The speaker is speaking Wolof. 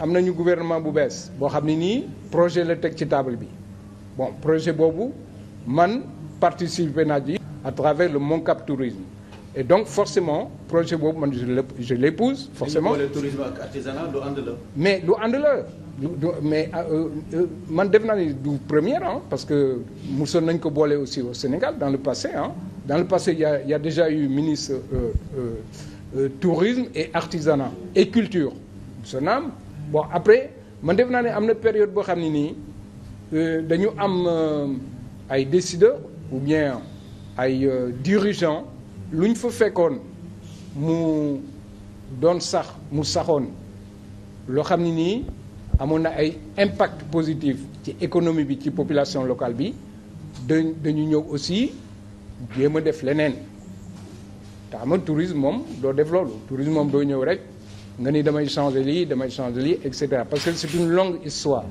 am nañu gouvernement bu bees boo xam ne nii projet la teg ci table bi bon projet boobu man participer naa ji à travers le Moncap Tourisme et donc forcément projet boobu man je l'épouse forcément tourisme ak artisanat du ànd la mais du ànd la mais euh, euh, man def naa ni du première ah parce que mosoon nañ ko boole aussi au Sénégal dans le passé ah dans le passé il y a, il y a déjà eu ministre euh, euh, euh, tourisme et artisanat et culture mosoon naam bon après man def naa ne am na période boo xam ne nii euh, dañu am euh, ay décideurs ou bien ay euh, dirigeants lu ñu fa fekkoon mu doon sax mu saxoon loo xam ne nii amoon na ay impact positif ci économie bi ci population locale bi dañ dañu ñëw aussi jéem a def leneen te ama tourisme moom doo def loolu tourisme moom doo ñëw rek nga ni damay changer lii damay changer lii et cetera parce que c'est une longue histoire